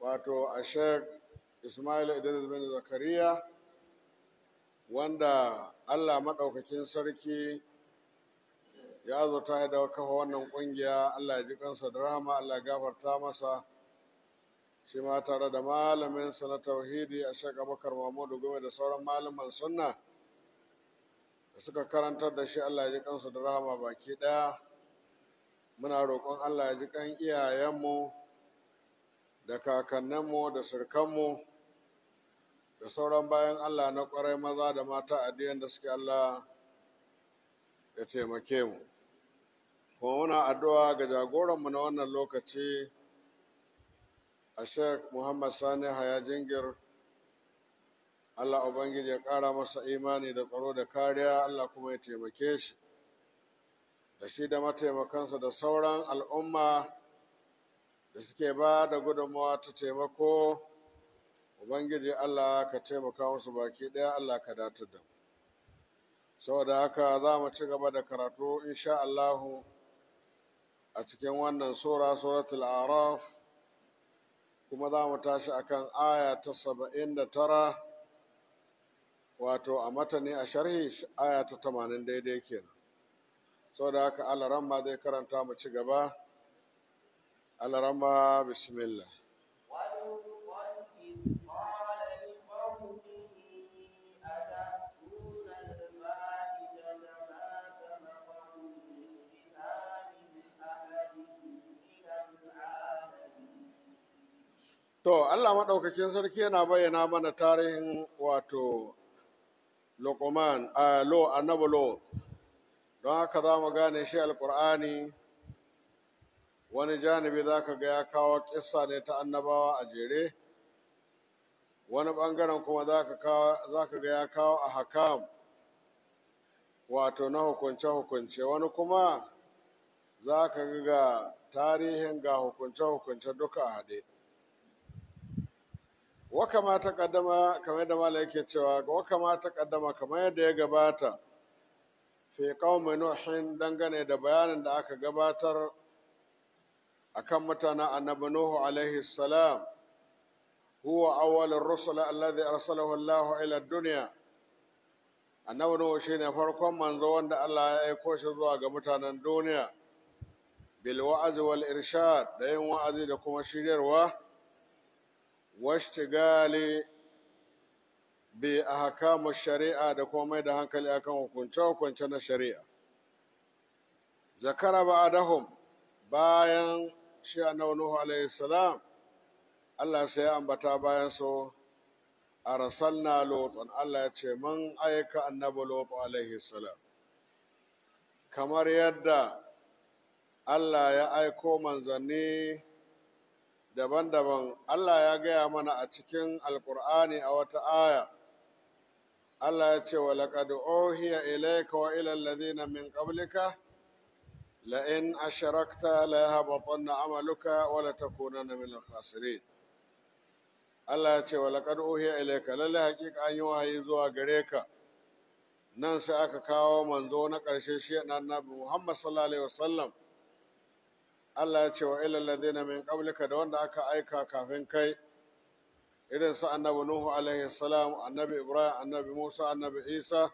wato a shek ismail idris bin zakariya wanda allah maɗaukakin sarki ya zata da kafa wannan ƙungiya allah ya ji kansa da rahama allah ya gafarta masa shi ma tare da malaminsa na tauhidi a shek bakar mahmudu gome da sauran malaman sunna da suka karantar da shi allah ya ji kansa da rahama baki ɗaya muna roƙon allah ya ji kan iyayenmu da kakanninmu da surkanmu da sauran bayan Allah na kwarai maza da mata addiyan da suke Allah ya taimake mu. Kuma muna addu'a ga jagoranmu na wannan lokaci a Sheikh Muhammad Sani Haya Jingir. Allah Ubangiji ya ƙara masa imani da tsaro da kariya, Allah kuma ya taimake shi, da shi da mataimakansa da sauran al'umma da suke ba da gudunmawa ta taimako ubangiji allah ka taimaka musu baki ɗaya allah ka datar da mu saboda haka za mu ci gaba da karatu insha Allah a cikin wannan sura suratul araf kuma za mu tashi akan aya ta saba'in da tara wato a matani a shari'i aya ta tamanin daidai kenan saboda haka allah ma zai karanta mu ci gaba alarama bismillah To, Allah maɗaukakin sarki yana bayyana mana tarihin wato Lokoman, a lo, annabalo, don haka za mu gane shi alƙur'ani wani janibi za ka ga ya kawo ƙissa ne ta annabawa a jere wani ɓangaren kuma za ka ga ya kawo a hakam wato na hukunce-hukunce wani kuma za ka ga tarihin ga hukunce-hukunce duka a haɗe waka ma ta ƙaddama kamar yadda mala yake cewa waka ma ta ƙaddama kamar yadda ya gabata fi ƙaumin nuhin dangane da bayanin da aka gabatar akan mutanen annabi Nuhu alaihi salam huwa awwalur rusul allazi arsalahu Allah ila dunya annabi Nuhu shine farkon manzo wanda Allah ya aiko shi zuwa ga mutanen duniya bil wa'z wal irshad da yin wa'azi da kuma shiryarwa washtigali bi ahkamu shari'a da kuma mai da hankali akan hukunce-hukunce na shari'a zakara ba'adahum bayan shi annabi Nuhu alaihi salam Allah sai ya ambata bayan so arsalna lutan Allah ya ce mun aika annabi lutu alaihi salam kamar yadda Allah ya aiko manzanni daban-daban Allah ya gaya mana a cikin alkur'ani a wata aya Allah ya ce wa laqad uhiya ilayka wa ila alladhina min qablika لئن أشركت ليهبطن عملك ولتكونن من الخاسرين Allah ya ce wa laƙar ohiya ilaika lallai hakika an yi wahayi zuwa gare ka nan sai aka kawo manzo na ƙarshe shi na annabi Muhammad sallallahu alaihi wasallam Allah ya ce wa ilal ladina min qablika da wanda aka aika kafin kai irin su annabi Nuhu alaihi salam annabi Ibrahim annabi Musa annabi Isa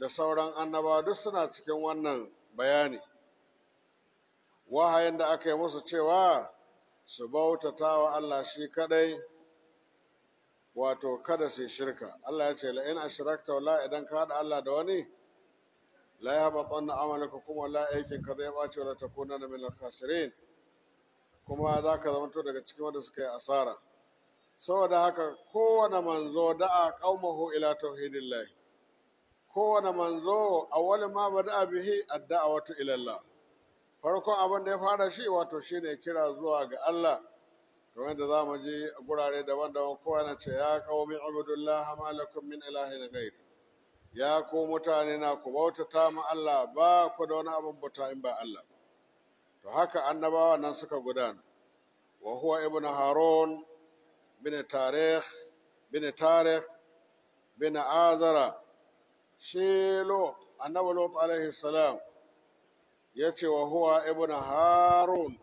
da sauran annabawa duk suna cikin wannan bayani wahayin da aka yi musu cewa su bautata wa Allah shi kadai wato kada su shirka Allah ya ce la'in ashrakta wala idan ka hada Allah da wani la yahbatanna amalaka kuma la aikin ka zai bace wala takunanna min al-khasirin kuma za ka zamanto daga cikin wanda suka yi asara saboda haka kowane manzo da'a qaumahu ila tauhidillah kowane manzo awwal ma bada bihi ad-da'watu ila Allah farkon abin da ya fara shi wato shi ne kira zuwa ga Allah kamar da mu je gurare daban-daban kowa na ce ya qaumi ibudullah ma lakum min ya ko mutane na ku bautata ma Allah ba ku da wani abin buta in ba Allah to haka annabawa nan suka gudana wa huwa ibnu harun bin tarikh bin tarikh bin azara shi lo alaihi salam ya ce wa huwa ibn harun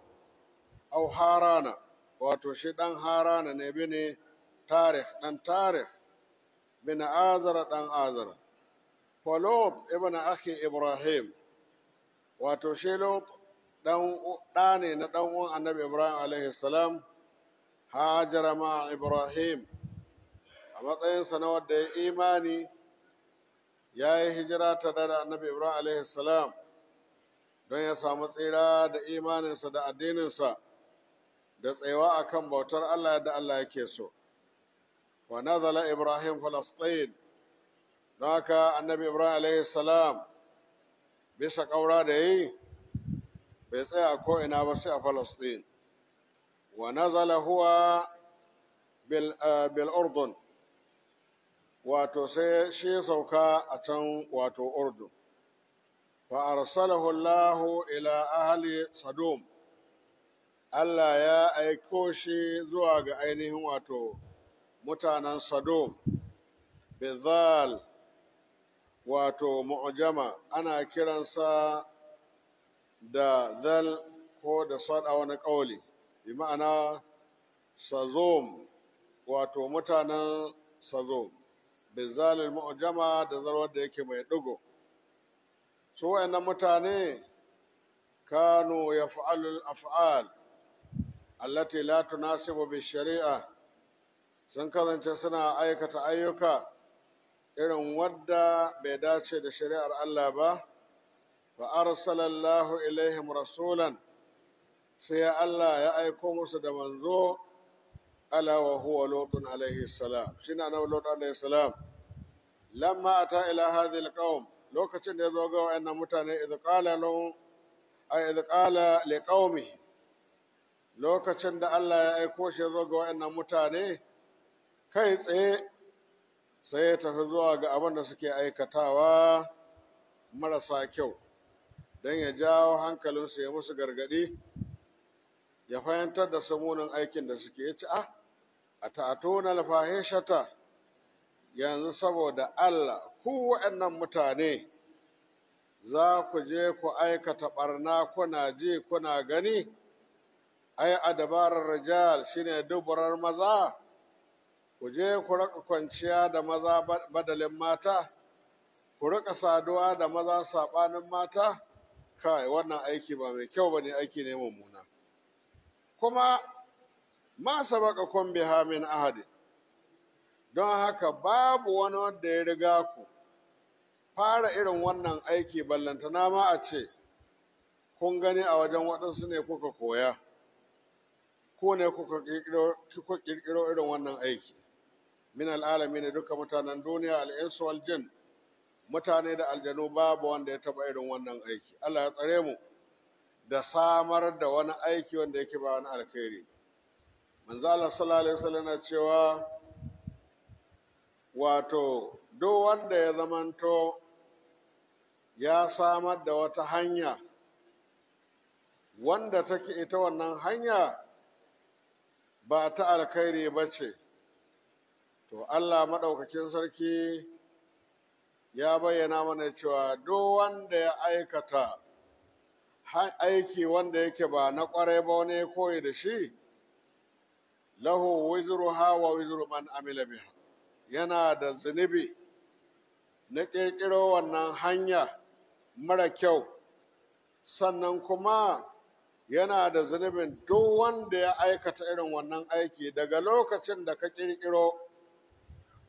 au harana wato shi ɗan harana ne ne tarih ɗan tarih bin azara ɗan azara falut ibn akhi ibrahim wato shi lut ɗan ɗa ne na ɗan uwan annabi ibrahim alaihi salam hajara ma ibrahim a matsayinsa na wadda ya imani ya yi hijira ta da annabi ibrahim alaihi salam don ya samu tsira da imaninsa da addininsa da tsayawa a kan bautar Allah da Allah yake so. Wa nazala Ibrahim Falastain, don haka annabi Ibrahim alayhi salam bisa ƙaura da yi bai tsaya a ko'ina ba sai a Falastain. Wa nazala huwa bil Urdun, wato sai shi sauka a can wato Urdun. فأرسله الله ila أهل صدوم Allah ya aiko shi zuwa ga ainihin wato mutanen Sodom, Bezal, wato mu'jama ana kiransa da zal ko da sada wani ƙauli, bi ma'ana Sazom, wato mutanen Sazom, Bezal mu'jama da zarwar da yake mai ɗigo. su wayannan mutane kanu yaf'alul af'al allati la tunasibu bi shari'a sun karanta suna aikata ayyuka irin wadda bai dace da shari'ar Allah ba fa arsalallahu ilaihim rasulan sai Allah ya aiko musu da manzo ala wa huwa lutun alaihi salam na annabi lutun alaihi salam lamma ata ila hadhihi alqaum lokacin da ya zo ga wa'annan mutane idh qala ay qala lokacin da Allah ya aiko shi ya zo ga wa'annan mutane kai tsaye sai ya tafi zuwa ga abin da suke aikatawa marasa kyau don ya jawo hankalinsu ya musu gargadi, ya fahimtar da samunin aikin da suke ya ci ah, a a yanzu saboda Allah ku waɗannan mutane za ku je ku aikata ɓarna kuna ji kuna gani ai a dabarar rijal shine duburar maza ku je ku raka kwanciya da maza badalin mata ku rika saduwa da maza saɓanin mata kai wannan aiki ba mai kyau ba ne aiki ne mummuna kuma ma sabaka kun biha min ahadin don haka babu wani wanda ya riga ku fara irin wannan aiki ballantana ma a ce kun gani a wajen waɗansu ne kuka koya ko ne kuka ƙirƙiro irin wannan aiki min al'alami ne duka mutanen duniya al'insu waljin mutane da aljanu babu wanda ya taɓa irin wannan aiki Allah ya tsare mu da samar da wani aiki wanda yake ba wani alkhairi manzo Allah sallallahu alaihi wasallam cewa wato duk wanda ya zamanto ya samar da wata hanya wanda take ita wannan hanya ba ta alkhairi ba ce to Allah maɗaukakin sarki ya bayyana mana cewa duk wanda ya aikata aiki wanda yake ba na ƙwarai ba wani koyi da shi lahu wizruha wa wizru man amila biha yana da zunubi na ƙirƙiro wannan hanya mara kyau sannan kuma yana da zunubin duk wanda ya aikata irin wannan aiki daga lokacin da ka ƙirƙiro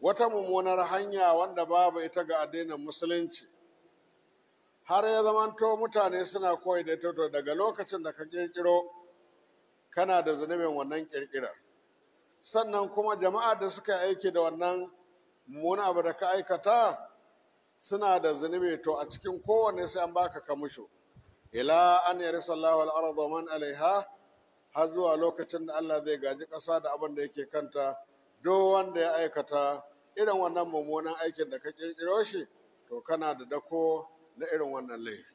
wata mummunar hanya wanda babu ita ga addinin musulunci har ya zamanto mutane suna koyi da ita daga lokacin da ka ƙirƙiro kana da zunubin wannan ƙirƙirar sannan kuma jama'a da suka aiki da wannan muna abu da ka aikata suna da zunubi to a cikin kowanne sai an baka kamusho ila an yarisa Allahu al man alaiha har zuwa lokacin da Allah zai gaji ƙasa da abin da yake kanta duk wanda ya aikata irin wannan mummunan aikin da ka ƙirƙiro shi to kana da dako na irin wannan laifi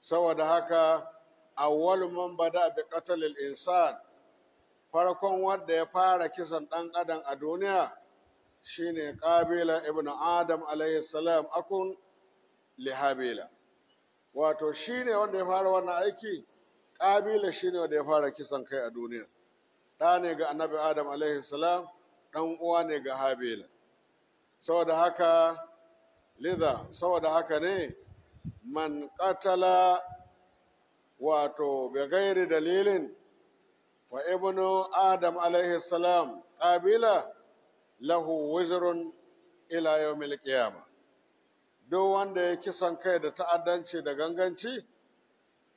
saboda haka awwalu man bada bi qatl al-insan farkon wanda ya fara kisan ɗan adam a duniya shine ƙabila ibn adam alayhi salam akun lihabila wato shine wanda ya fara wannan aiki ƙabila shine wanda ya fara kisan kai a duniya ɗa ne ga annabi adam alayhi salam ɗan uwa ne ga habila saboda haka lidha saboda haka ne man qatala wato bai gairi dalilin wa ibnu adam alaihi salam qabila lahu wizrun ila yawmil qiyama duk wanda ya kisan kai da ta'addanci da ganganci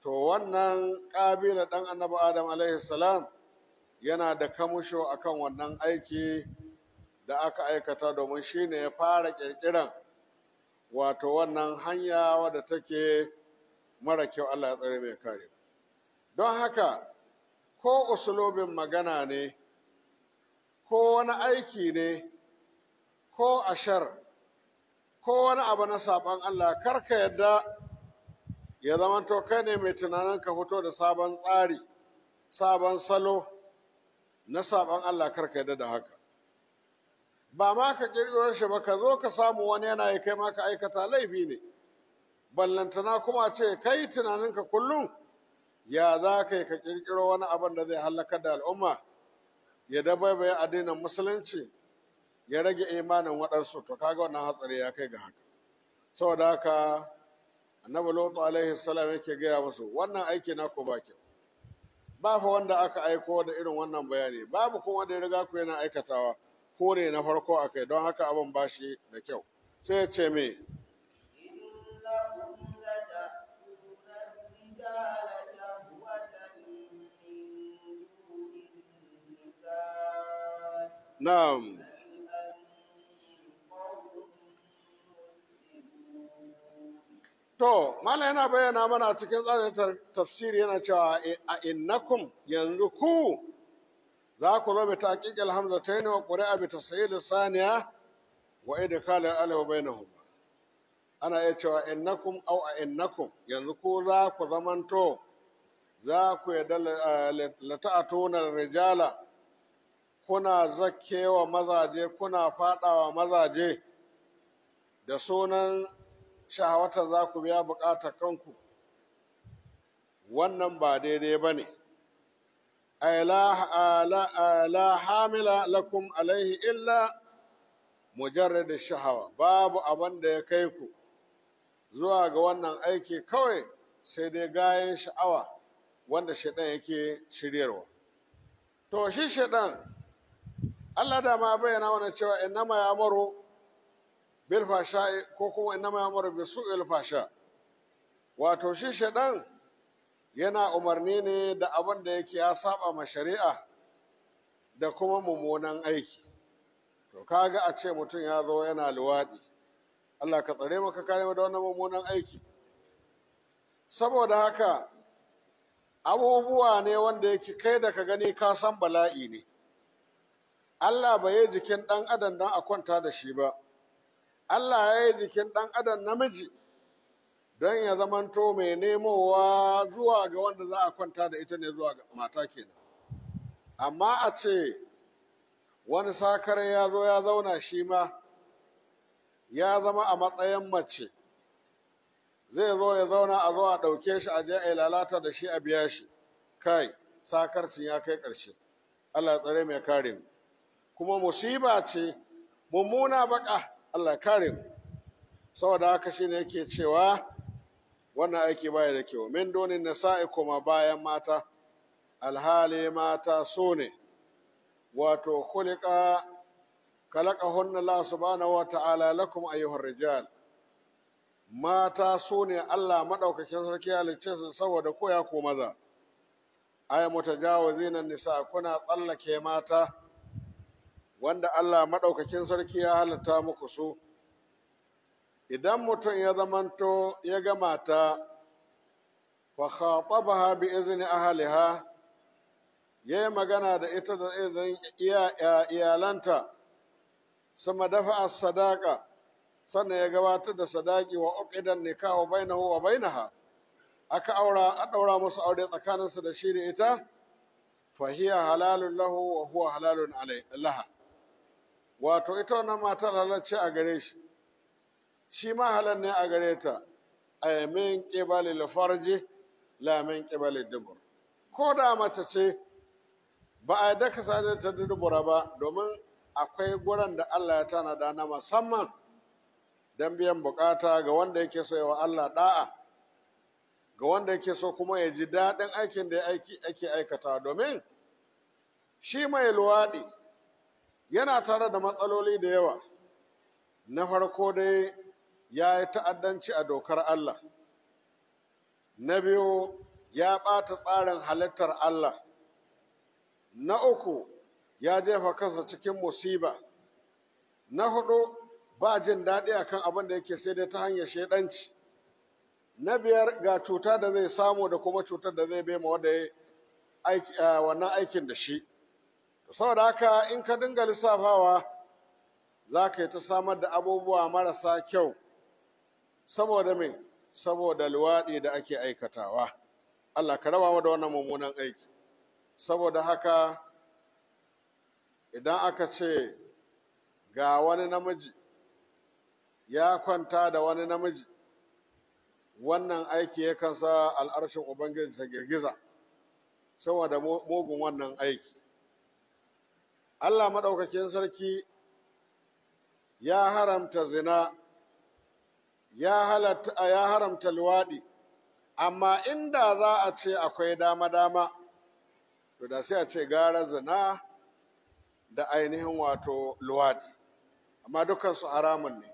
to wannan qabila dan annabi adam alaihi salam yana da kamusho akan wannan aiki da aka aikata domin shine ya fara ƙirƙiran wato wannan hanya wadda take mara kyau Allah ya tsare mai kare. Don haka ko usulobin magana ne ko wani aiki ne ko ashar ko wani abu na saɓon Allah karka yadda ya zamanto kai ne mai tunanin ka fito da sabon tsari sabon salo na saɓon Allah karka yadda da haka ba ma ka ƙirƙirar shi ba ka zo ka samu wani yana yi kai ma ka aikata laifi ne ballantana kuma ce kai tunaninka kullum ya za ka yi ka ƙirƙiro wani abin da zai halaka da al'umma ya dabaibaya addinin musulunci ya rage imanin waɗansu to kaga wannan hatsari ya kai ga haka saboda haka annabi lutu alaihi salam yake gaya musu wannan aiki na ku ba ba fa wanda aka aiko da irin wannan bayani babu kuma da ya riga ku yana aikatawa ko ne na farko akai don haka abin bashi da kyau sai ya ce me Na'am. To, yana bayyana mana cikin tsarin tafsiri yana cewa a innakum yanzu ku za ku zo ta aƙiƙil hamza ta yi wa ƙuri'a bi ta saniya wa idikalin alawa bai na huma. Ana iya cewa innakum au a innakum yanzu ku za ku zamanto za ku yi eh, lata'atu na rijala kuna zakewa mazaje kuna faɗawa mazaje da sunan shahawata za ku biya bukatar kanku wannan ba daidai ba ne ala hamila lakum alaihi illa mujarrad shahawa babu abin da ya kai ku zuwa ga wannan aiki kawai sai dai gayen sha'awa wanda shaidan yake shiryarwa to shi shaidan Allah da ma bayyana wannan cewa innama ya maro bil fasha ko kuma innama ya maro bisu fasha wato shi shaɗan yana umarni ne da abin da yake ya saba ma shari'a da kuma mummunan aiki to kaga a ce mutum ya zo yana luwaɗi Allah ka tsare maka kare da wannan mummunan aiki saboda haka abubuwa ne wanda yake kai da ka gani ka san bala'i ne Allah ba yi jikin ɗan adam don a kwanta da shi ba, Allah ya yi jikin ɗan adam namiji don ya zamanto mai nemowa zuwa ga wanda za a kwanta da ita ne zuwa ga mata kenan. Amma a ce wani sakar ya zo ya zauna shi ma ya zama a matsayin mace, zai zo ya zauna a zo a ɗauke shi a je a lalata da shi a biya shi, kai, sakarcin ya kai ƙarshe. Allah ya tsare mai kare mu. kuma musiba ce mummuna baka Allah kare saboda haka shine yake cewa wannan aiki baya da kyau min donin nasa'i kuma bayan mata alhali mata so ne wato kulika kalakahunna Allah subhanahu wa ta'ala lakum ayyuhar rijal mata so ne Allah madaukakin sarki halicce su saboda koya ko maza ay mutajawizina nisa kuna tsallake mata wanda Allah maɗaukakin sarki ya halatta muku su idan mutum ya zamanto ya gama ta fa khatabaha bi izni ahliha yi magana da ita da idan iyalanta sama dafa sadaqa sannan ya gabatar da sadaki wa uqidan nikahu bainahu wa bainaha aka aura a daura musu aure tsakaninsu da shi da ita fa hiya halalun lahu wa huwa halalun laha wato ita wannan mata halarci a gare shi shi ma halar ne a gare ta a min ƙibali lafarji la min ƙibali dubur ko da mace ce ba a yadda ka sani ta dubura ba domin akwai guran da Allah ya tanada na musamman don biyan bukata ga wanda yake so yawa Allah da'a ga wanda yake so kuma ya ji daɗin aikin da ya ake aikata domin shi mai luwaɗi yana tare da matsaloli da yawa na farko dai ya yi ta'addanci a dokar Allah na biyu ya ɓata tsarin halittar Allah na uku ya jefa kansa cikin musiba na hudu ba jin daɗi akan abin da yake sai dai ta hanyar shaidanci na biyar ga cuta da zai samu da kuma cutar da zai bai ma wanda ya wannan aikin da shi saboda haka in ka dinga lissafawa za ka yi ta samar da abubuwa marasa kyau saboda me saboda luwaɗi da ake aikatawa Allah ka raba da wannan mummunan aiki saboda haka idan aka ce ga wani namiji ya kwanta da wani namiji wannan aiki yakan sa al'arshin ubangiji ta girgiza saboda mugun wannan aiki Allah maɗaukakin sarki ya haramta zina, ya, halatta, ya haramta luwaɗi, amma inda za a ce akwai dama-dama, to da sai a ce gara zina da ainihin wato luwaɗi, amma dukansu haramun ne,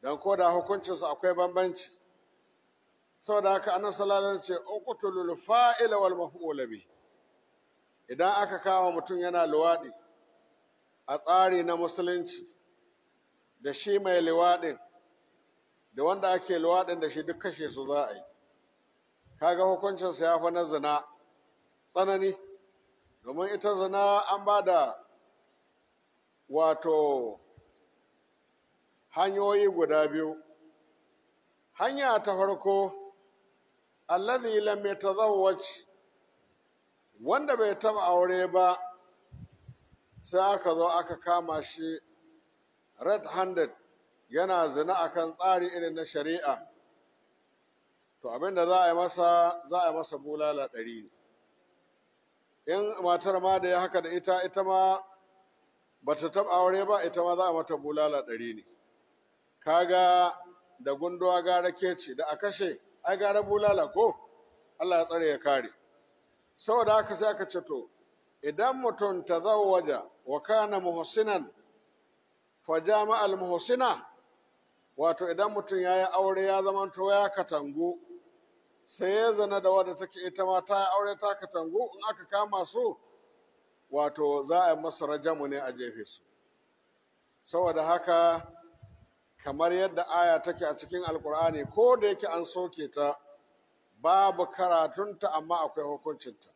don ko da hukuncinsu akwai bambanci. saboda haka annan salalar ce uqtulul fa'ila wal maf'ula bi idan aka kawo mutum yana luwaɗi a tsari na musulunci da shi mai liwaɗin da wanda ake liwaɗin da shi duk kashe su za a yi kaga hukuncinsa ya fi na zina tsanani domin ita zina an ba da wato hanyoyi guda biyu hanya ta farko allazi lam yatazawwaj wanda bai taba aure ba sai aka zo aka kama shi red-handed yana zina akan tsari irin na shari'a to abin da za a yi masa za a yi masa bulala ɗari ne in matar ma da ya haka da ita ita ma ba ta taɓa aure ba ita ma za a mata bulala ɗari ne kaga da gunduwa gara keci da a kashe ai gara bulala ko Allah ya tsare ya kare saboda haka sai aka ce to idan mutum ta waje, wa kana muhsinan fa jama'al muhsina wato idan mutum ya yi aure ya zamanto ya katangu sai ya zana da wadda take ita ma ta yi aure ta katangu in aka kama su wato za a yi masu rajamu ne a jefe su saboda haka kamar yadda aya take a cikin alkur'ani ko da yake an soke ta babu karatunta amma akwai hukuncinta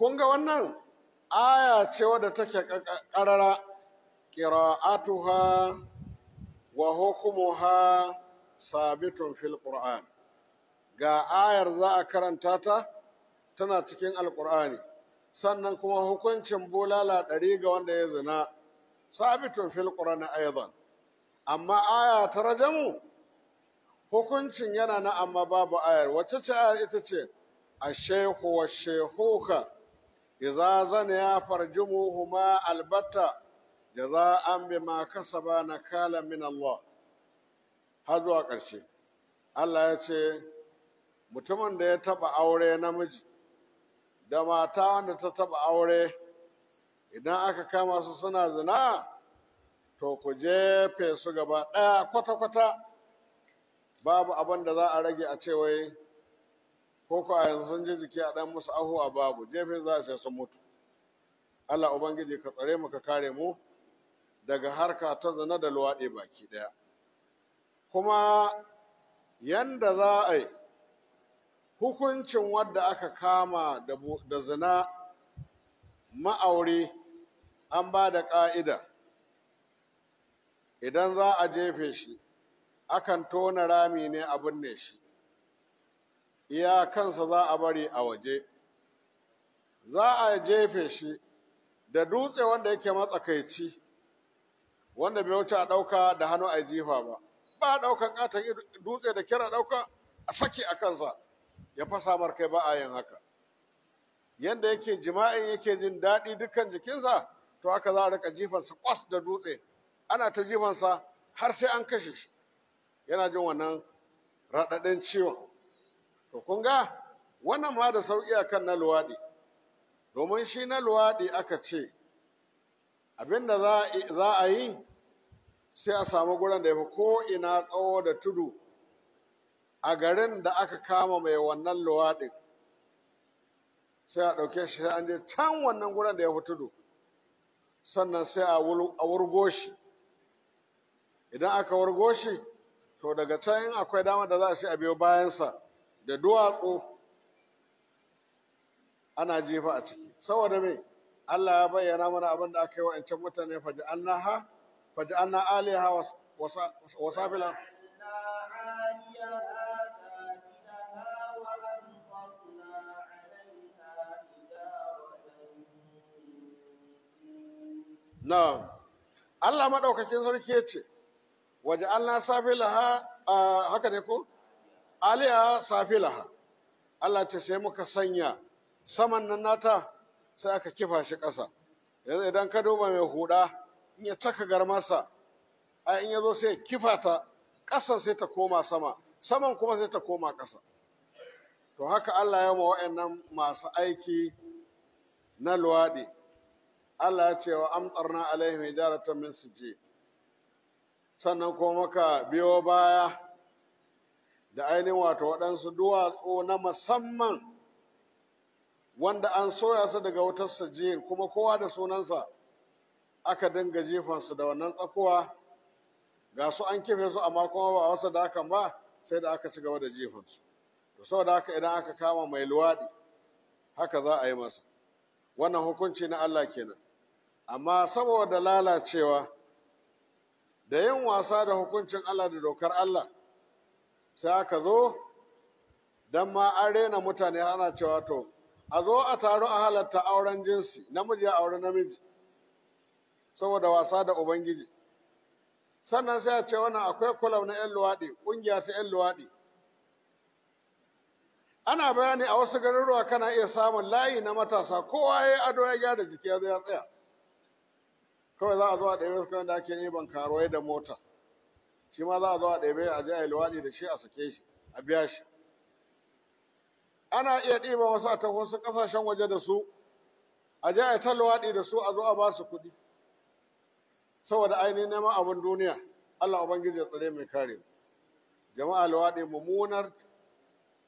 kun ga wannan aya ce wadda take ƙarara ƙira'atuha wa hukumuha sabitun fil qur'an ga ayar za a karanta ta tana cikin alƙur'ani sannan kuma hukuncin bulala ɗari ga wanda ya zina sabitun fil qur'ani aidan amma aya ta rajamu hukuncin yana na amma babu ayar wacce ce ita ce ashaihu wa shaihuka iza zana ya farjumu huma albatta jaza'an bima kasaba nakala min Allah har zuwa ƙarshe Allah ya ce mutumin da ya taba aure namiji da mata wanda ta taba aure idan aka kama su suna zina to ku jefe su gaba ɗaya kwata-kwata babu abin da za a rage a ce wai ko ko a yanzu sun ji jiki a ɗan musu aho a babu jefe za su sun mutu Allah ubangiji ka tsare mu ka kare mu daga harka ta zina da luwaɗe baki ɗaya kuma yanda za a yi hukuncin wadda aka kama da zina ma'aure an ba da ƙa'ida idan za a jefe shi akan tona rami ne a binne shi iya kansa za a bari a waje za a jefe shi da dutse wanda yake matsakaici wanda bai wuce a ɗauka da hannu a jifa ba ba a ɗaukan ƙaton dutse da kira ɗauka a saki a kansa ya fasa mar kai ba a yin haka yanda yake jima'in yake jin daɗi dukkan jikinsa to haka za a rika jifansa kwas da dutse ana ta jifansa har sai an kashe shi yana jin wannan raɗaɗin ciwon to kun ga wannan ma da sauƙi kan na luwaɗi domin shi na luwaɗi aka ce abinda za a yi sai a samu gurin da ya fi ko'ina tsawo da tudu a garin da aka kama mai wannan luwaɗin sai a ɗauke shi sai an je can wannan gurin da ya fi tudu sannan sai a wurgo shi idan aka wurgo shi to daga can akwai dama da za a sai a biyo bayansa da duwatsu ana jefa a ciki saboda mai Allah ya bayyana mana abin da aka yi wa wa'ancan mutane faja'annaha ha wasa fila na Allah maɗaukakin sarki ya ce waje safi laha haka ne ko aliya safilaha Allah ce sai muka sanya saman nan nata sai aka kifa shi ƙasa yanzu idan ka duba mai huda in ya caka garmasa a in ya zo sai kifa ta ƙasa sai ta koma sama saman kuma sai ta koma ƙasa to haka Allah ya ma wa'annan masu aiki na luwaɗi Allah ya ce wa amtarna alaihim hijaratan min je, sannan kuma muka biyo baya da ainihin wato waɗansu duwatsu na musamman wanda an soya su daga wutar sajiyar kuma kowa da sunansa aka dinga jefansu da wannan tsakowa ga su an kife su amma kuma ba wasu da hakan ba sai da aka ci gaba da jefansu to saboda haka idan aka kama mai luwaɗi haka za a yi masa wannan hukunci na Allah kenan amma saboda lalacewa da yin wasa da hukuncin Allah da dokar Allah sai aka zo don ma an rena mutane ana cewa to a zo a taro a halatta auren jinsi namiji ya auri namiji saboda wasa da ubangiji sannan sai a ce wannan akwai kulam na 'yan luwaɗi ƙungiya ta 'yan luwaɗi ana bayani a wasu garuruwa kana iya samun layi na matasa kowa ya yi ado ya gyara jiki ya tsaya kawai za a zo a ɗaya wasu da ake neman ban karuwai da mota shi ma za a zo a ɗebe a je a yi luwaɗi da shi a sake shi a biya shi ana iya ɗiba wasu a tafi wasu ƙasashen waje da su a je a yi ta luwaɗi da su a zo a ba su kuɗi saboda ainihin neman abin duniya Allah Ubangiji ya tsare mai kare jama'a luwaɗi mummunar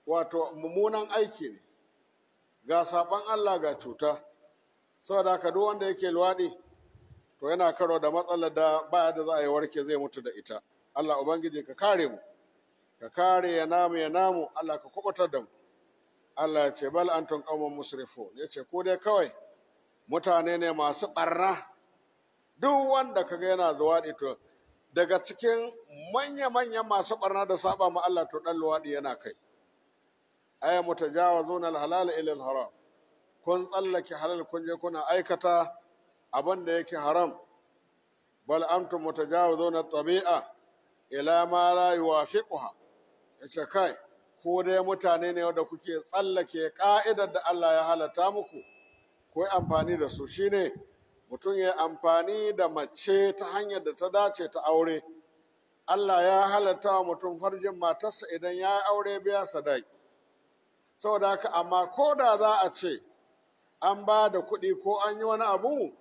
wato mummunan aiki ne ga saɓan Allah ga cuta saboda haka duk wanda yake luwaɗi to yana karo da matsalar da baya da za a yi warke zai mutu da ita Allah ubangiji ka kare mu ka kare ya namu ya namu Allah ka kubutar da mu Allah ya ce bal antum qaumun musrifun ya ce ko dai kawai mutane ne masu ɓarna. duk wanda kaga yana luwaɗi to daga cikin manya-manyan masu ɓarna da saba ma Allah to dan luwaɗi yana kai aya mutajawazuna al-halal ila haram kun tsallake halal kun je kuna aikata abin da yake haram bal amtum mutajawizuna tabi'a ila ma la yuwafiquha yace kai ko dai mutane ne wanda kuke tsallake ka'idar da Allah ya halatta muku ko amfani da su shine mutum ya amfani da mace ta hanyar da ta dace ta aure Allah ya halatta wa mutum farjin matarsa idan ya aure biya sadaki saboda haka amma ko da za a ce an ba da kuɗi ko an yi wani abu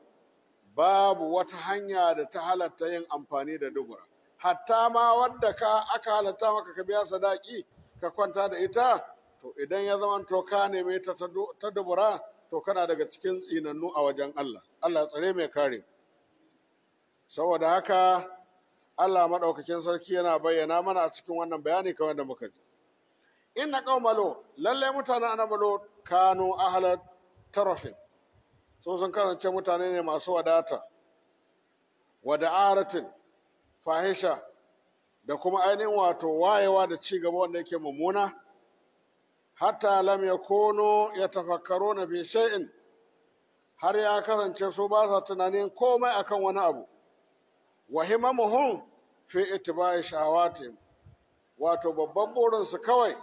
babu wata hanya da ta halatta yin amfani da dubura hatta ma wadda ka aka halatta maka ka biya sadaki ka kwanta da ita to idan ya zama to ka neme ta ta dubura to kana daga cikin tsinannu a wajen Allah Allah tsare mai kare saboda haka Allah madaukakin sarki yana bayyana mana a cikin wannan bayani kamar da muka ji inna qaumalo lalle mutanen anabalo kanu ahlat tarafin so sun kasance mutane ne masu wadata wada'aratin fahisha da kuma ainihin wato wayewa da ci gaba wanda yake mummuna hatta lam yakunu yatafakkaruna fi shay'in har ya kasance su ba sa tunanin komai akan wani abu wa himamuhum fi ittiba'i shahawatihim wato babban burinsu kawai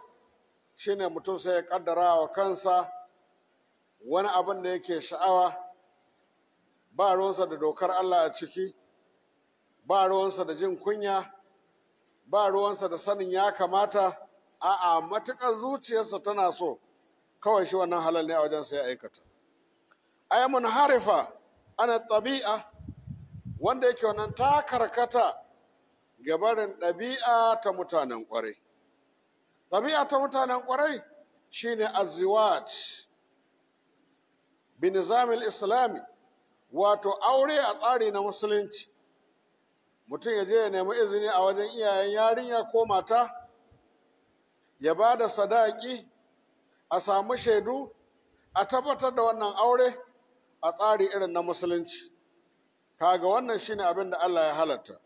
shine mutum sai ya kaddara wa kansa wani abin da yake sha'awa ba ruwansa da dokar Allah a ciki ba ruwansa da jin kunya ba ruwansa da sanin ya kamata a'a matuƙar zuciyarsa tana so kawai shi wannan halal ne a wajen sai aikata mun harifa ana tabi'a wanda yake wannan ta karkata gabarin ɗabi'a ta mutanen ƙwarai ɗabi'a ta mutanen ƙwarai shine azziwaj bi nizamil islami wato aure a tsari na musulunci mutum ya je ya nemi izini a wajen iyayen yarinya ko mata ya ba da sadaki a samu shaidu a tabbatar da wannan aure a tsari irin na musulunci kaga wannan shine abin da Allah ya halatta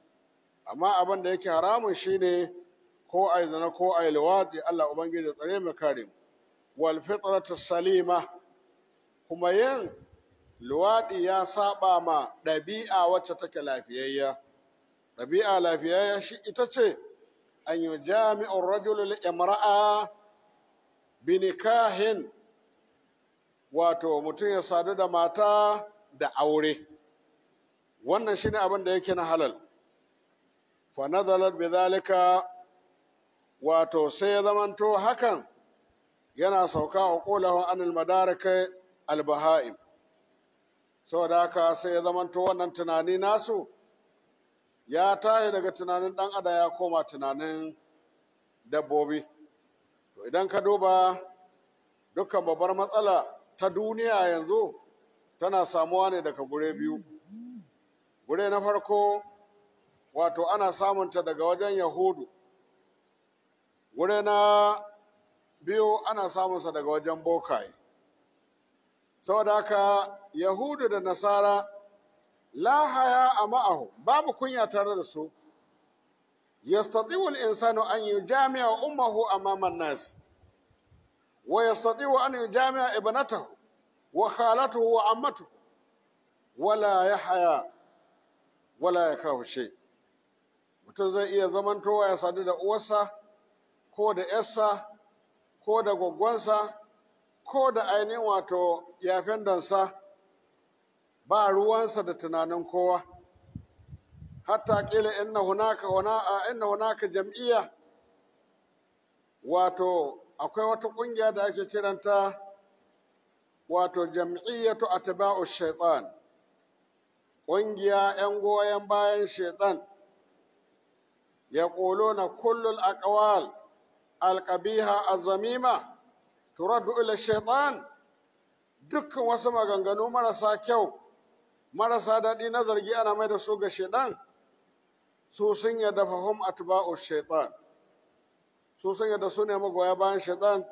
amma abin da yake haramun shine ko ai ko ai Allah ubangiji tsare mu kare mu wal fitratu salima kuma yin luwaɗi ya saba ma dabi'a wacce take lafiyayya ɗabi'a lafiya ya shi ita ce an yi jami'ar rajulul imra'a binikahin wato mutum ya sadu da mata da aure wannan shine abin da yake na halal fa nazalat zalika wato sai ya zamanto hakan yana sauka a ƙolahun an madaraka albaha'im saboda haka sai ya zamanto wannan tunani nasu ya tahi daga tunanin dan ada ya koma tunanin dabbobi to idan ka duba dukkan babbar matsala ta duniya yanzu tana samuwa ne daga gure biyu gure na farko wato ana samunta daga wajen yahudu gure na biyu ana samunsa daga wajen bokaye saboda haka yahudu da nasara la haya a ma'ahu babu kunya tare da su yastati'u al-insanu an yujami'a ummuhu amama an-nas wa yastati'u an yujami'a ibnatahu wa khalatuhu wa ammatuhu wala yahya wala yakhafu shay mutum zai iya zamantowa ya sadu da uwarsa ko da yarsa ko da gwaggwansa ko da ainihin wato yafendansa ba ruwansa da tunanin kowa hatta kila inna hunaka a inna hunaka jam'iyya wato akwai wata kungiya da ake kiranta wato jam'iyyatu atba'u shaytan kungiya yan goyen bayan shaytan yaquluna kullul aqwal alqabiha azamima turaddu ila shaytan dukkan wasu maganganu marasa kyau marasa daɗi na zargi ana mai da su ga shaidan su sun yadda fahim atba'u shaitan su sun yadda su ne magoya bayan shaitan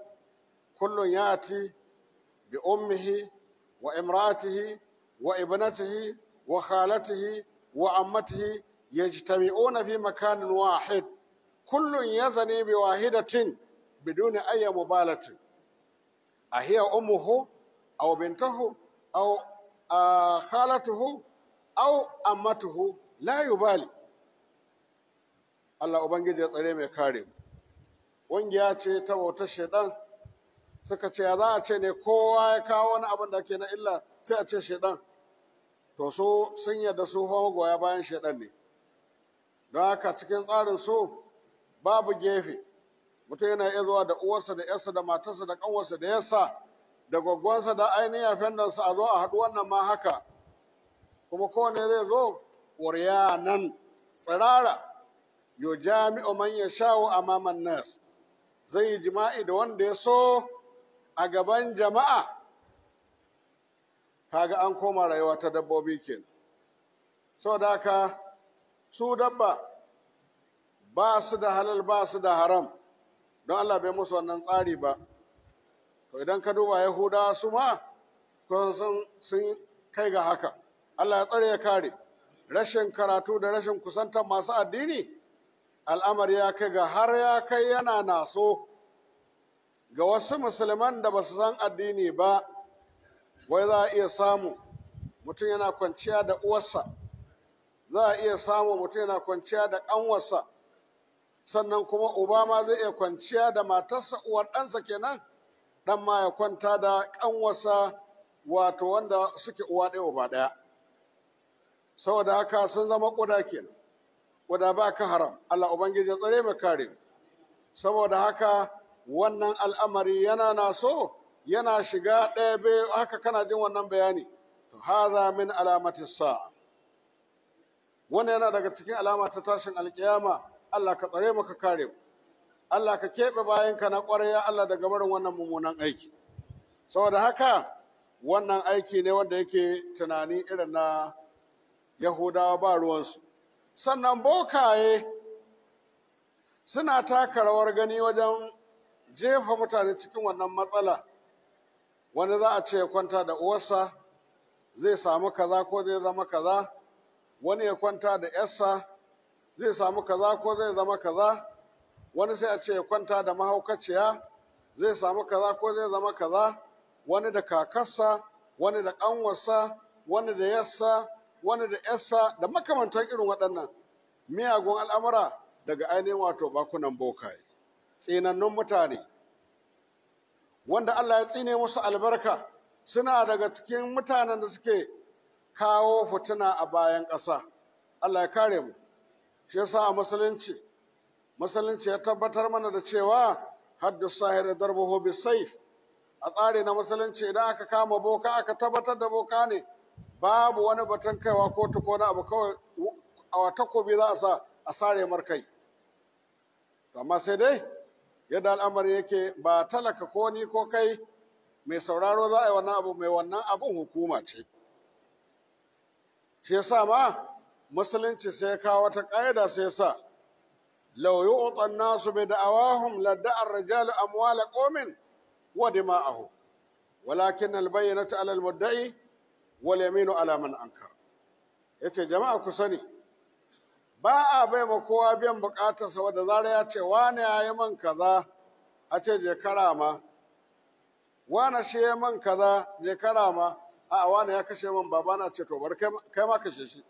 Kullum ya ati bi ummihi wa imratihi wa ibnatihi wa khalatihi wa ammatihi yajtami'una fi makanin wahid kullum ya zane bi wahidatin biduni ayya mubalatin ahiya ummuhu aw bintahu aw khalatuhu au ammatuhu la yubali Allah ubangiji ya tsare mai kare wangiya ce ta bautar shaidan suka ce ya za a ce ne kowa ya kawo wani abin da ke na illa sai a ce shaidan to so sun yarda su goya bayan shaidan ne don haka cikin tsarin so babu gefe mutum yana iya zuwa da uwarsa da yarsa da matarsa da ƙanwarsa da yasa da gwaggwansa da ainihin fendansa a zo a haɗu wannan ma haka kuma kowane zai zo nan tsirara yo jami'u man ya a maman nas zai yi jima'i da wanda ya so a gaban jama'a kaga an koma rayuwa ta dabbobi kenan saboda haka su dabba ba su da halal ba su da haram don Allah bai musu wannan tsari ba to idan ka duba yahudawa su ma kusan sun kai ga haka Allah ya tsare ya kare rashin karatu da rashin kusantar masu addini al'amari ya kai ga har ya kai yana naso ga wasu musulman da ba su san addini ba wai za a iya samu mutum yana kwanciya da uwarsa za a iya samu mutum yana kwanciya da ƙanwarsa sannan kuma uba ma zai iya kwanciya da matarsa uwar ɗansa kenan ɗan ma ya kwanta da ƙanwarsa wato wanda suke uwa ɗaya uba ɗaya saboda haka sun zama ƙuda kenan ƙuda ba ka haram Allah ubangiji tsare mu kare saboda haka wannan al'amari yana na so yana shiga ɗaya bai haka kana jin wannan bayani to haza min alamati sa wannan yana daga cikin alama ta tashin alƙiyama Allah ka tsare mu ka kare mu Allah ka keɓe bayanka na ƙwarai ya Allah daga barin wannan mummunan aiki saboda haka wannan aiki ne wanda yake tunani irin na Yahudawa ba ruwansu sannan bokaye suna taka rawar gani wajen jefa mutane cikin wannan matsala wani za a ce ya kwanta da uwarsa zai samu kaza ko zai zama kaza wani ya kwanta da yarsa zai samu kaza ko zai zama kaza wani sai a ce ya kwanta da mahaukaciya zai samu kaza ko zai zama kaza wani da kakarsa wani da ƙanwarsa wani da yassa wani da yassa da makamantan irin waɗannan miyagun al'amura daga ainihin wato bakunan bokaye tsinannun mutane wanda Allah ya tsine musu albarka suna daga cikin mutanen da suke kawo fituna a bayan ƙasa Allah ya kare mu shi yasa a musulunci musulunci ya tabbatar mana da cewa haddu sahir darbuhu bi saif a tsari na musulunci idan aka kama boka aka tabbatar da boka ne babu wani batun kaiwa kotu ko na abu kawai a takobi za a sa a sare markai amma sai dai yadda al'amari yake ba talaka ko ni ko kai mai sauraro za a yi wannan abu mai wannan abin hukuma ce shi yasa ma musulunci sai ya kawo wata ƙa'ida sai ya sa لو يعطى الناس بدعواهم لدعى الرجال أموال قوم ودماءهم ولكن البينة على المدعي واليمين على من أنكر yace jama'a ku sani ba a bai ma kowa biyan bukatarsa wadda zara ya ce wane ya yi man kaza a ce je karama wane shi ya man kaza je karama a wane ya kashe min babana ce to bar kai ma kashe shi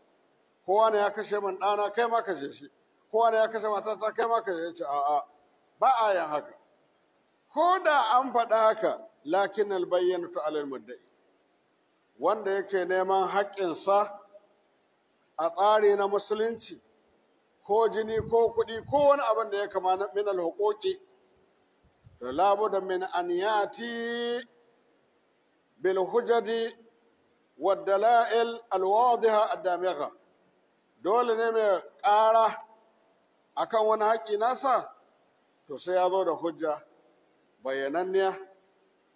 ko ya kashe man ɗana kai ma kashe shi kowa da ya kashe mata ta kai maka ya ce a'a ba a yin haka ko da an faɗa haka lakin albayyana ta alal muddai wanda yake neman haƙƙinsa a tsari na musulunci ko jini ko kuɗi ko wani abin da ya kama na minal hukuki to da min an yati bil hujadi wa dala'il al wadiha ad dole ne mai ƙara akan wani haƙƙi nasa to sai ya zo da hujja bayananniya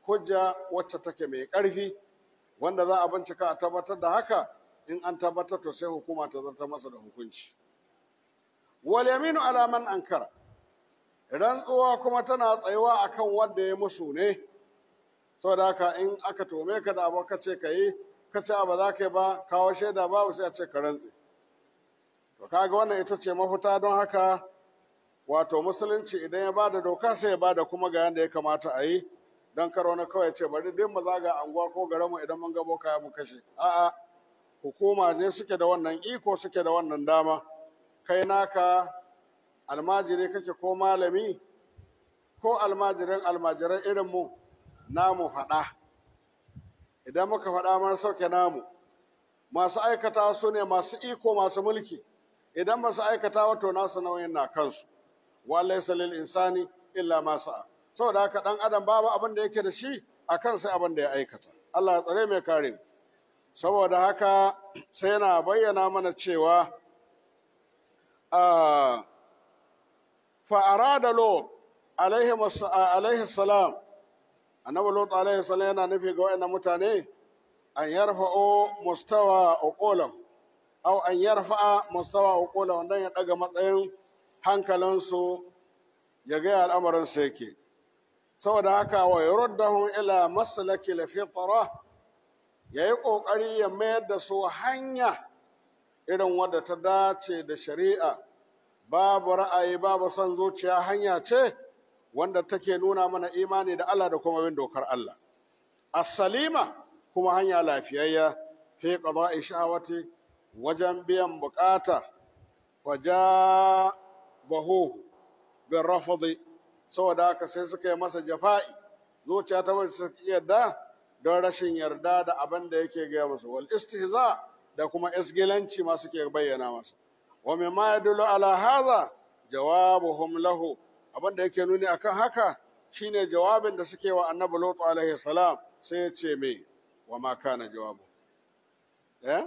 hujja wacce take mai ƙarfi wanda za a bincika a tabbatar da haka in an tabbatar to sai hukuma ta zartar masa da hukunci wal yaminu ala man ankara rantsuwa kuma tana tsayuwa akan wanda ya musu ne saboda haka in aka tome ka da abu ka ce yi ka ce ba za ka yi ba kawo shaida babu sai a ce ka rantse to kaga wannan ita ce mafita don haka wato musulunci idan ya bada doka sai ya bada kuma ga yanda ya kamata a yi don kar wani kawai ce bari duk mu zaga anguwa ko garinmu idan mun ga boka mu kashe a'a hukuma ne suke da wannan iko suke da wannan dama kai naka almajiri kake ko malami ko almajirin almajiran irin mu namu faɗa idan muka faɗa mun sauke namu masu aikata su ne masu iko masu mulki idan ba su aikata wato nasu nauyin na kansu wallai salil insani illa ma sa'a saboda haka dan adam babu abin da yake da shi a kan sai abin da ya aikata Allah ya tsare mai kare saboda haka sai yana bayyana mana cewa fa arada lo alaihi salam annabi lot alaihi salam yana nufi ga wayannan mutane an 'O mustawa uqulahu au an yarfa'a mustawa uqula wannan ya daga matsayin hankalinsu ya ga al'amarin sa yake saboda haka wa yurdahu ila maslaki al yayi kokari ya mayar da su hanya irin wanda ta dace da shari'a babu ra'ayi babu son zuciya hanya ce wanda take nuna mana imani da Allah da kuma bin dokar Allah as-salima kuma hanya lafiyayya fi qada'i shahawati wajen biyan bukata faja baho bin rafadi saboda haka sai suka yi masa jafa'i zuciya ta wacce suka yarda don rashin yarda da abin da yake gaya musu wal istihza da kuma isgilanci ma suke bayyana masa wa ya dulo ala hadha jawabuhum lahu abin da yake nuni akan haka shine jawabin da suke wa annabi lutu alaihi salam sai ya ce me wa ma kana jawabu eh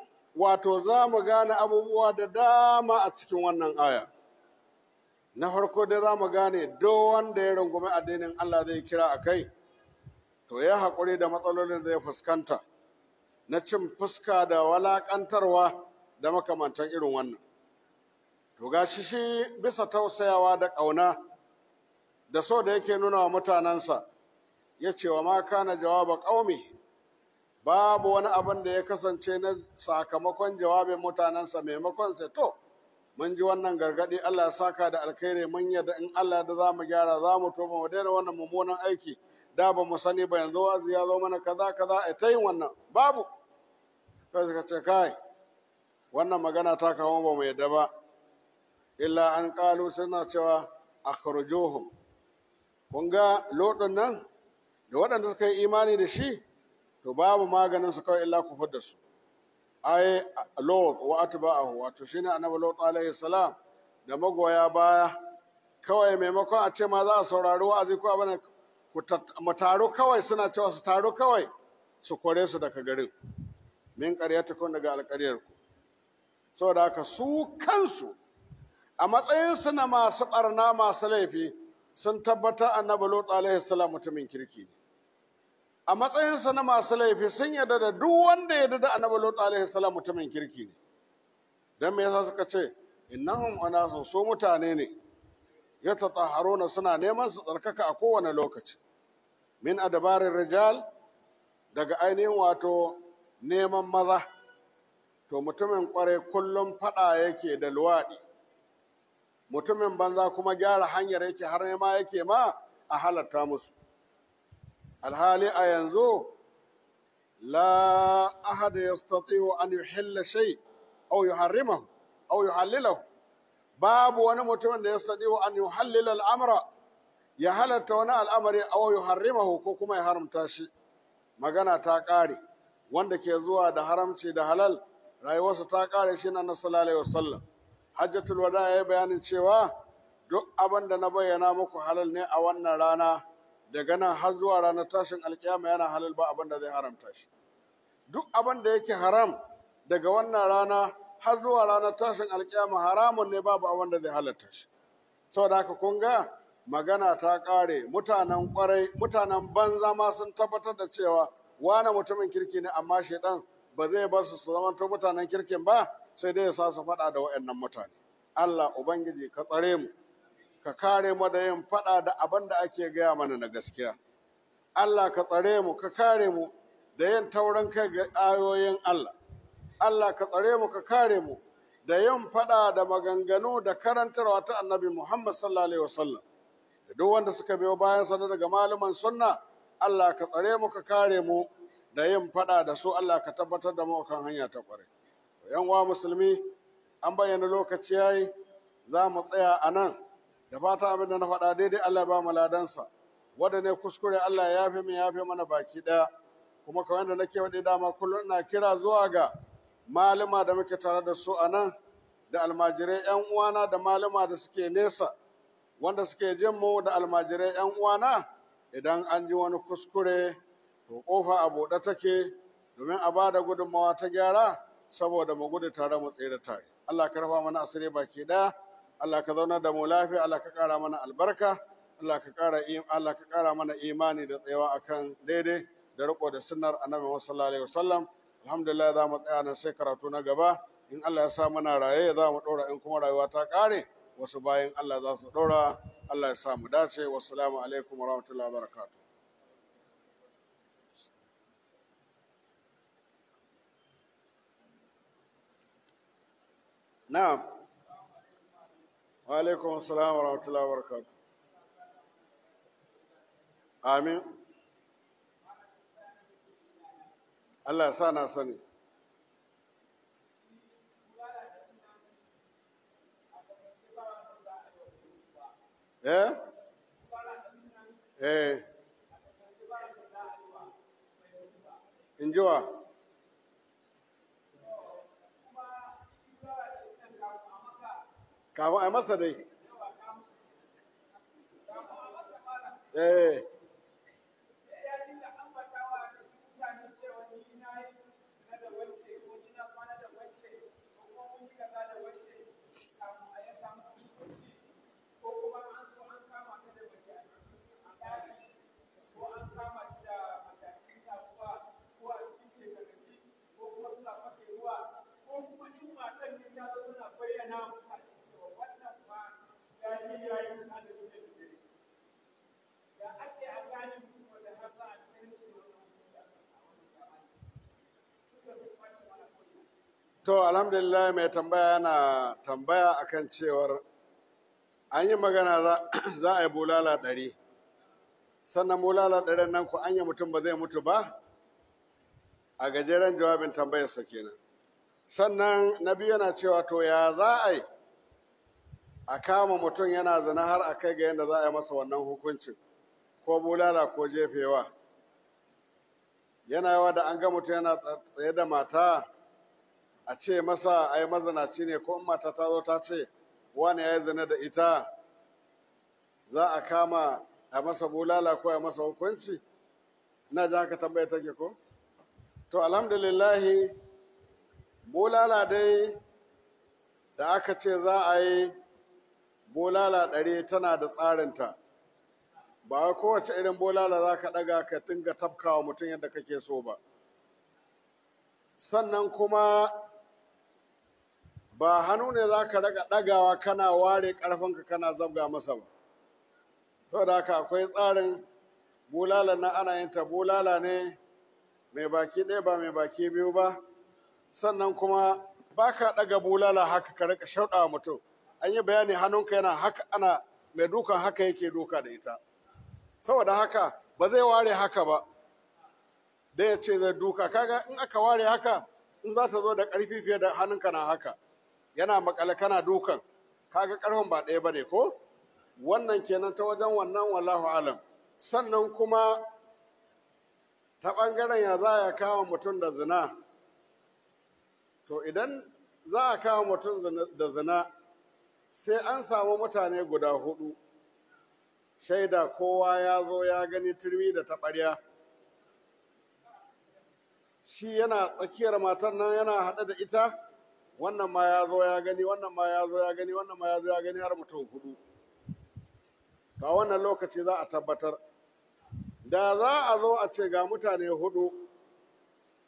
wato za mu gane abubuwa da dama a cikin wannan aya na farko dai za mu gane do wanda ya rungumi addinin Allah zai kira a kai to ya haƙuri da matsalolin da ya fuskanta na cin fuska da walaƙantarwa da makamantan irin wannan to gashi shi bisa tausayawa da ƙauna da so da yake nuna wa mutanensa ya ce wa ma kana jawaba ƙaumi babu wani abin da ya kasance na sakamakon jawabin mutanensa maimakon sai to mun ji wannan gargadi, Allah ya saka da alkhairi mun yadda in Allah da za mu gyara za mu toba mu daina wannan mummunan aiki da ba mu sani ba yanzu wazi ya zo mana kaza kaza a ta yin wannan babu kai suka ce kai wannan magana ta kawo ba mu yadda ba illa an kalu suna cewa akhrujuhum kun ga lodin nan da waɗanda suka yi imani da shi to babu maganin su kawai illa ku fadda su ai lot wa atba'ahu wato shine annabi lot alaihi salam da magoya baya kawai maimakon a ce ma za a saurari wa'azi ko abana ku taro kawai suna cewa su taro kawai su kore su daga garin min ta kowanne daga alƙaryar ku saboda haka su kansu a matsayin su na masu ɓarna masu laifi sun tabbata annabi Lot alaihi salam mutumin kirki ne a matsayinsa na masu laifi sun yarda da duk wanda ya da annabi lot alaihi salam mutumin kirki ne dan me yasa suka ce innahum anasun so mutane ne ya tatahharuna suna neman su tsarkaka a kowane lokaci min adabarin rijal daga ainihin wato neman maza to mutumin kwarai kullum fada yake da luwaɗi mutumin banza kuma gyara hanyar yake har ma yake ma a halatta musu alhali a yanzu la ahada yastati'u an yuhilla shay aw yuharrimahu aw yuhallilahu babu wani mutumin da yastati'u an yuhallila al'amra ya halatta wani al'amari aw yuharrimahu ko kuma ya haramta shi magana ta ƙare wanda ke zuwa da haramci da halal rayuwarsa ta ƙare shi na sallallahu alaihi wasallam hajjatul wada ya yi bayanin cewa duk abin da na bayyana muku halal ne a wannan rana daga nan har zuwa ranar tashin alkiyama yana halal ba abin da zai haramta shi duk abin da yake haram daga wannan rana har zuwa ranar tashin alkiyama haramun ne babu abin da zai halarta shi saboda haka kun ga magana ta kare mutanen kwarai mutanen banza ma sun tabbatar da cewa wani mutumin kirki ne amma shaidan ba zai bar su su zamanto mutanen kirkin ba sai dai ya sa su faɗa da waɗannan mutane Allah Ubangiji ka tsare mu ka kare mu da yin faɗa da abin da ake gaya mana na gaskiya Allah ka tsare mu ka kare mu da yin taurin kai ga ayoyin Allah Allah ka tsare mu ka kare mu da yin faɗa da maganganu da karantarwa ta annabi Muhammad sallallahu wasallam da duk wanda suka biyo bayan sanar daga malaman sunna Allah ka tsare mu ka kare mu da yin faɗa da su Allah ka tabbatar da mu kan hanya ta kware yan uwa musulmi an bayyana lokaci yayi za mu tsaya a nan da fata abin da na faɗa daidai Allah ba mu ladansa wanda ne kuskure Allah ya yafe min fi mana baki ɗaya kuma kamar yadda nake waɗe dama kullum ina kira zuwa ga malama da muke tare da su a nan da almajirai 'yan uwana da malama da suke nesa wanda suke jin mu da almajirai 'yan uwana idan an ji wani kuskure to kofa a buɗe take domin a bada gudummawa ta gyara saboda mu gudu tare mu tsere tare Allah karfa mana asiri baki ɗaya Allah ka zauna da mu lafiya Allah ka ƙara mana albarka Allah ka ƙara Allah ka ƙara mana imani da tsayawa akan daidai da riko da sunnar annabi sallallahu alaihi wasallam alhamdulillah za mu tsaya nan sai karatu na gaba in Allah ya sa muna raye za mu ɗora in kuma rayuwa ta ƙare wasu bayan Allah za su ɗora Allah ya sa mu dace wassalamu alaikum warahmatullahi wabarakatuh Now, alaikun salam wa rahmatullahi wa barakatu amin Allah ya sa na sani eh eh in kafin a masa dai eh To, alhamdulillah mai tambaya yana tambaya akan cewar an yi magana za a yi bulala ɗari, sannan bulala ɗarin nan ku an yi mutum ba zai mutu ba a gajeren jawabin tambayarsa kenan. Sannan na biyu yana cewa to ya za a yi a kama mutum yana zina har a kai ga yadda za a yi masa wannan hukuncin ko bulala ko jefewa. Yana yawa da an ga mutum yana tsaye da mata a ce masa ai mazanaci ne ko mata ta zo ta ce wani ya yi zina da ita za a kama a masa bulala ko a masa hukunci na ji haka tambaya take ko to alhamdulillahi bulala dai da aka ce za a yi bulala ɗari tana da tsarinta ba kowace irin bulala za ka ɗaga ka dinga tafkawa mutum yadda kake so ba sannan kuma ba hannu ne za ka raga ɗagawa kana ware ƙarfinka kana zabga masa ba saboda haka akwai tsarin bulala na ana yin ta bulala ne mai baki ɗaya ba mai baki biyu ba sannan kuma ba ka ɗaga bulala haka ka riƙa shauɗa mutum an yi bayani hannunka yana haka ana mai dukan haka yake duka da ita saboda haka ba zai ware haka ba da ya ce zai duka kaga in aka ware haka in za ta zo da ƙarfi fiye da hannunka na haka yana makale kana dukan kaga karfin ba ɗaya bane ko wannan kenan ta wajen wannan wallahu alam sannan kuma ta ɓangaren ya za a kawo mutum da zina to idan za a kawo mutum da zina sai an samu mutane guda hudu shaida kowa ya zo ya gani turmi da taɓarya shi yana tsakiyar matan nan yana haɗe da ita wannan ma ya zo ya gani wannan ma ya zo ya gani wannan ma ya zo ya gani har mutum hudu Ba wannan lokaci za a tabbatar da za a zo a ce ga mutane hudu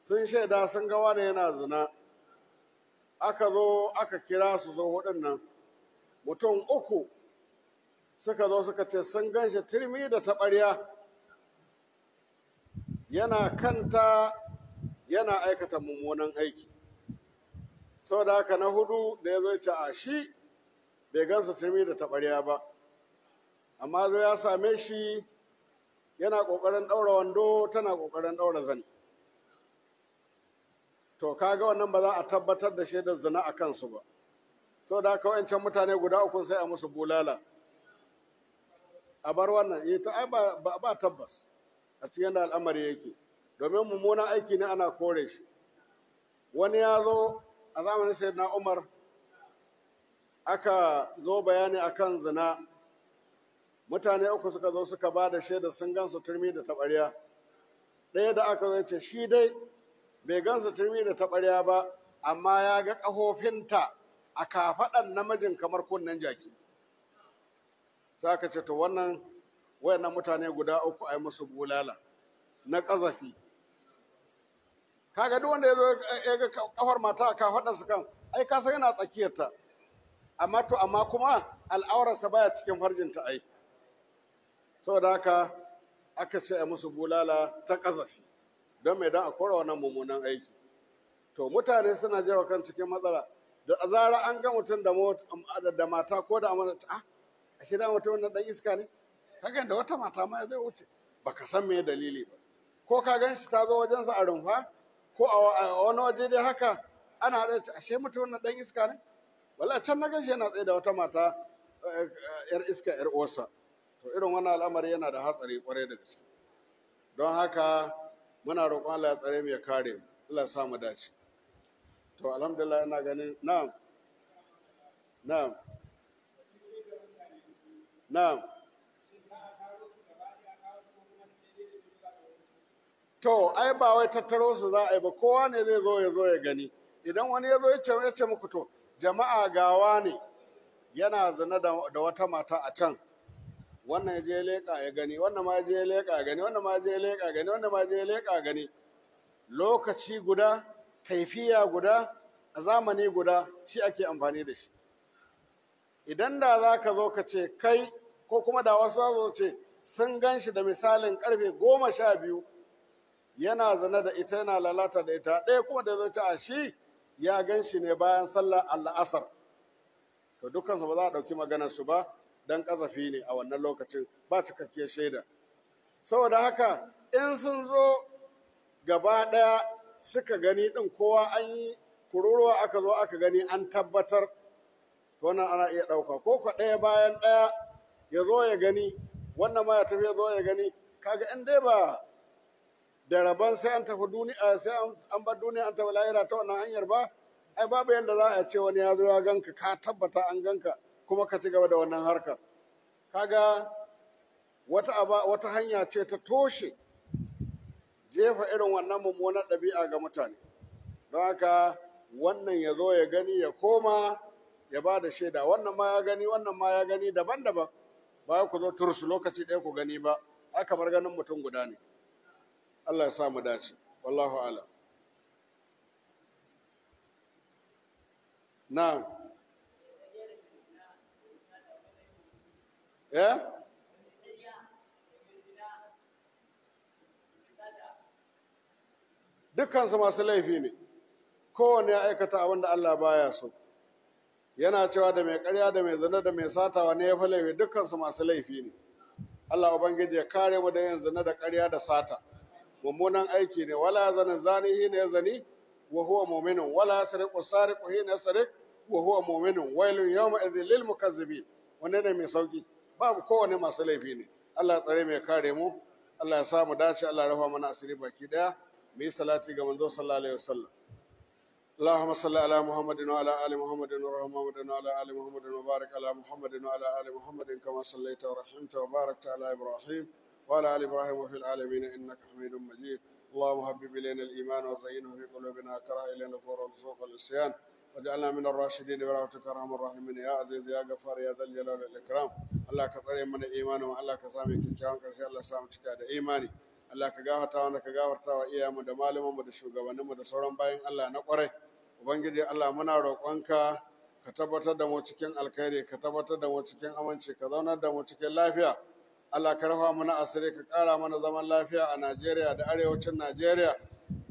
sun shaida sun ga wani yana zina aka zo aka kira su zo hudun nan mutum uku suka zo suka ce sun ganshi turmi da taɓarya yana kanta yana aikata mummunan aiki saboda haka na hudu da ya zo ce a shi bai gansa turmi da taɓarya ba amma zo ya same shi yana kokarin ɗaura wando tana ƙoƙarin ɗaura zani to kaga wannan ba za a tabbatar da shaidar zina a kansu ba saboda haka wancan mutane guda uku sai a musu bulala a bar wannan yi eh, ta, ai ba ba tabbas a cikin da al'amari yake domin mummunan aiki ne ana kore shi wani ya zo a zamanin na Umar aka zo bayani akan zina mutane uku suka zo suka ba da shaida sun gansu turmi da taɓarya ɗaya da aka zo ce shi dai bai gansu turmi da taɓarya ba amma ya ga ƙahofinta a kafaɗan namijin kamar kunnen jaki sai aka ce to wannan wayannan mutane guda uku a yi musu bulala na ƙazafi kaga duk wanda ya ga kafar mata ka faɗa su kan ai ka san yana tsakiyarta amma to amma kuma al'aurarsa baya cikin farjinta ai saboda haka aka ce a musu bulala ta ƙazafi don mai don a kora wannan mummunan aiki to mutane suna jawa kan cikin matsala da zara an ga mutum da mata ko da amana ta ah, a shi da mutum na dan iska ne kaga da wata mata ma zai wuce baka san me dalili ba ko ka gan shi ta zo wajensa a rumfa ko a wani waje dai haka ana a ashe mutu na dan iska ne wala can na gashi yana tsaye da wata mata eh, yar iska yar uwarsa to irin wannan al'amari yana da hatsari kwarai da gaske don haka muna roƙon Allah ya tsare mu ya kare mu Allah sa mu dace to alhamdulillah ina ganin na'am na'am na'am to ai ba wai tattaro su za a yi ba kowa ne zai zo ya zo ya gani idan wani ya zo ya ce ya muku to jama'a gawa ne yana zina da wata mata a can wannan ya je leƙa ya gani wannan ma ya je leƙa gani wannan ma ya je leƙa gani wannan ma ya je leƙa gani lokaci guda haifiya guda zamani guda shi ake amfani da shi idan da za ka zo ka ce kai ko kuma da wasu za ce sun gan shi da misalin karfe goma sha biyu yana zana da ita yana lalata da ita ɗaya kuma da zai ci a shi ya gan shi ne bayan sallar asar to dukansu ba za a ɗauki maganar su ba dan ƙazafi ne a wannan lokacin ba cikakkiyar shaida saboda haka in sun zo gaba ɗaya suka gani ɗin kowa an yi kururuwa aka zo aka gani an tabbatar wannan ana iya ɗauka ko ko ɗaya bayan ɗaya ya zo ya gani wannan ma ya tafi ya zo ya gani kaga in dai ba da rabon sai an tafi duniya eh, sai an bar duniya an tafi lahira ta wannan hanyar ba ai babu yanda za a ce wani ya zo ya ganka ka tabbata an ganka kuma ka ci gaba da wannan harkar kaga wata aba wata hanya ce ta toshe jefa irin wannan mummunar ɗabi'a ga mutane don haka wannan ya zo ya gani ya koma ya ba da shaida wannan ma ya gani wannan ma ya gani daban-daban ba ku zo tursu lokaci ɗaya ku gani ba aka kamar ganin mutum guda ne Allah ya sa mu dace wallahu alam na ya eh? dukkansu masu laifi ne kowane ya aikata abin da Allah baya so yana cewa da mai ƙarya da mai zina da mai satawa ne ya fi laifi dukkansu masu laifi ne Allah Ubangiji ya kare mu da yin na da ƙarya da sata mummunan aiki ne wala zana zani hina ya zani wa huwa mu'minun wala sariqu sariqu hina yasriq wa huwa mu'minun wailun yawma idhil lil mukazzibin wannan ne mai sauki babu kowane masu laifi ne Allah tsare mai kare mu Allah ya mu dace Allah rafa mana asiri baki daya mu yi salati ga manzo sallallahu alaihi wasallam اللهم صل على محمد وعلى ال محمد وعلى محمد وعلى ال محمد وبارك على محمد وعلى ال محمد كما صليت ورحمت وباركت على ابراهيم وعلى آل إبراهيم وفي العالمين إنك حميد مجيد اللهم حبب إلينا الإيمان وزينه في قلوبنا كره إلينا الكفر والفسوق والعصيان واجعلنا من الراشدين برحمتك ارحم الراحمين يا عزيز يا غفار يا ذا الجلال والاكرام الله ka tsare mana imanin mu Allah ka sa mu kikkiawan Allah sa mu cika da imani Allah ka gafarta wanda ka gafarta wa iyayenmu da malamanmu da shugabanninmu da sauran bayan Allah na kwarai ubangiji Allah muna roƙonka ka tabbatar da mu cikin alkhairi ka tabbatar da mu cikin aminci ka zauna da mu cikin lafiya Allah ka rafa mana asiri ka ƙara mana zaman lafiya a Najeriya da arewacin Najeriya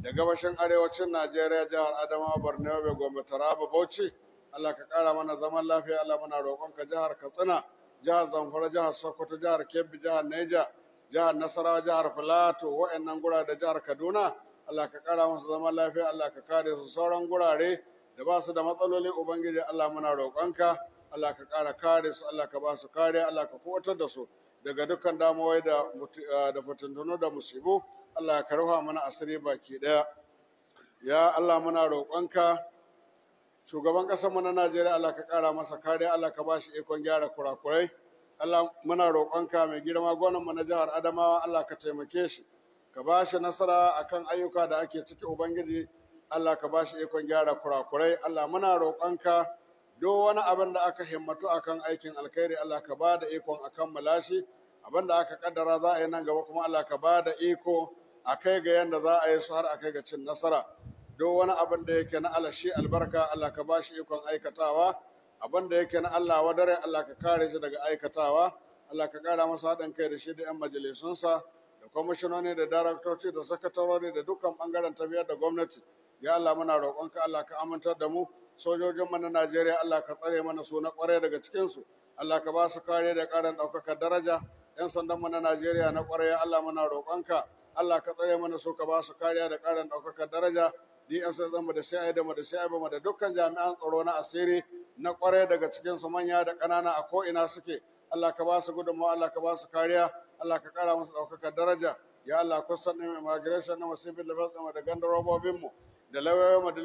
da gabashin arewacin Najeriya jihar Adamawa Borno Yobe Gombe Taraba Bauchi Allah ka ƙara mana zaman lafiya Allah muna roƙonka jihar Katsina jihar Zamfara jihar Sokoto jihar Kebbi jihar Niger jihar Nasarawa jihar Filato wa'annan gurare da jihar Kaduna Allah ka ƙara musu zaman lafiya Allah ka kare su sauran gurare da ba su da matsaloli, Ubangiji Allah muna roƙonka Allah ka ƙara kare su Allah ka ba su kare Allah ka kuwatar da su daga dukkan damuwai da da fatantano da musibu Allah ka rufa mana asiri baki daya ya Allah muna roƙonka shugaban ƙasar mu na Najeriya Allah ka ƙara masa kariya Allah ka bashi ikon gyara kurakurai Allah muna roƙonka mai girma gonan mu na jihar Adamawa Allah ka taimake shi ka bashi nasara akan ayyuka da ake ciki ubangiji Allah ka bashi ikon gyara kurakurai Allah muna roƙonka duk wani abin da aka himmatu akan aikin alkhairi Allah ka ba da ikon a kammala shi abin da aka kaddara za a yi nan gaba kuma Allah ka ba da iko a kai ga yanda za a yi su har a kai ga cin nasara duk wani abin da yake na Allah shi albarka Allah ka ba shi ikon aikatawa abin da yake na Allah wadare Allah ka kare shi daga aikatawa Allah ka kara masa haɗin kai da shi da 'yan majalisunsa da kwamishinoni da daraktoci da sakatarori da dukkan ɓangaren tafiyar da gwamnati ya Allah muna roƙonka Allah ka amintar da mu sojojin mana na Najeriya Allah ka tsare mana su na kware daga cikin su Allah ka ba su kare da karin daukaka daraja yan sandan mana na Najeriya na kwarai Allah muna roƙonka Allah ka tsare mana su ka ba su kariya da karin daukaka daraja san mu da sai da mu da sai mu da dukkan jami'an tsaro na asiri na kware daga cikin su manya da ƙanana a ko ina suke Allah ka ba su gudunmawa Allah ka ba su kariya Allah ka kara musu daukaka daraja ya Allah kusan immigration na masifin lafiyar da gandarobobin robobinmu da lauyoyinmu da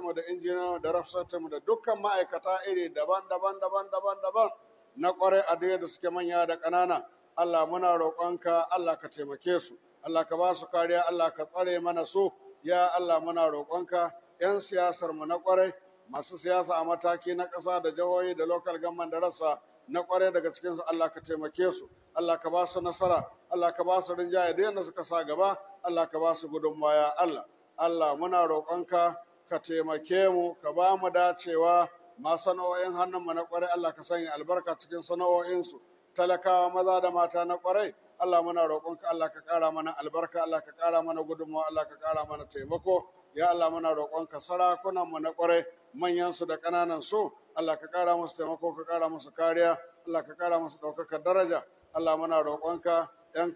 mu da mu da rafsatinmu da dukkan ma'aikata iri daban-daban daban-daban daban na kwarai a duniya da suke manya da ƙanana Allah muna roƙonka Allah ka taimake su Allah ka ba su kariya Allah ka tsare mana su ya Allah muna roƙonka 'yan siyasar mu na kwarai masu siyasa a mataki na ƙasa da jihohi da local gamman da rasa na kwarai daga cikinsu Allah ka taimake su Allah ka ba su nasara Allah ka ba su rinjaye da yadda suka sa gaba Allah ka ba su gudunmaya Allah Allah muna roƙonka ka taimake mu ka ba mu dacewa ma sana'o'in mu na ƙwarai Allah ka sanya albarka cikin sana'o'insu talakawa maza da mata na ƙwarai Allah muna roƙonka Allah ka ƙara mana albarka Allah ka ƙara mana gudunmawa Allah ka ƙara mana taimako ya Allah muna roƙonka sarakunanmu na ƙwarai manyansu da su Allah ka ƙara musu taimako ka ƙara musu kariya Allah ka ƙara musu ɗaukaka daraja Allah muna roƙonka ‘yan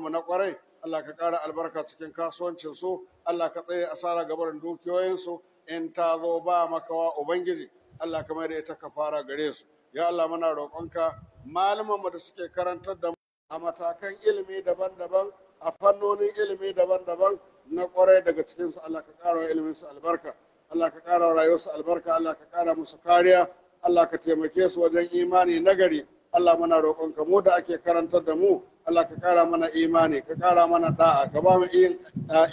mu na ƙwarai Allah ka ƙara albarka cikin kasuwancinsu, Allah ka tsaye asara gabarin dukiyoyinsu in ta zo ba makawa Ubangiji, Allah ka mai da ita ka fara gare su. Ya Allah muna roƙonka malamanmu da suke karantar da a matakan ilimi daban-daban a fannonin ilimi daban-daban na ƙwarai daga cikinsu Allah ka ƙara wa iliminsu albarka. Allah ka ƙara rayuwarsu albarka, Allah ka ƙara musu kariya, Allah ka taimake su wajen imani nagari. Allah muna roƙonka mu da ake karantar da mu Allah ka kara mana imani ka kara mana da'a ka ba mu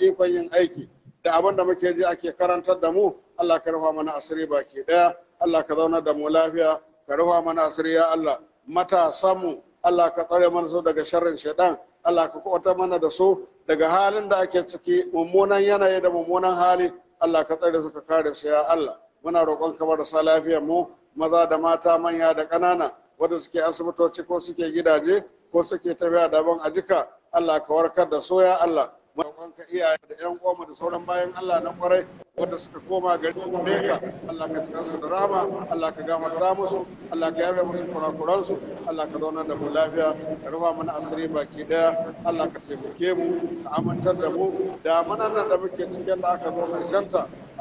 ikon yin aiki da abin da muke ji ake karantar da mu Allah ka rufa mana asiri baki daya Allah ka zauna da mu lafiya ka rufa mana asiri ya Allah Matasanmu Allah ka tsare mana su daga sharrin shaidan Allah ka kwata mana da su daga halin da ake ciki mummunan yanayi da mummunan hali Allah ka tsare su ka kare su ya Allah muna roƙon ka bar sa lafiyar mu maza da mata manya da ƙanana wanda suke asibitoci ko suke gidaje ko suke tafiya daban a jika Allah ka warkar da soya Allah. Mun ka iyaye da 'yan uwa da sauran bayan Allah na kwarai wanda suka koma gari meka Allah ka tukan su da rama, Allah ka gafarta musu Allah ka yabe musu kurakuran su Allah ka zauna da mu lafiya ka mana asiri baki daya Allah ka taimake mu ka amintar da mu da manan da muke cikin da aka zo karshen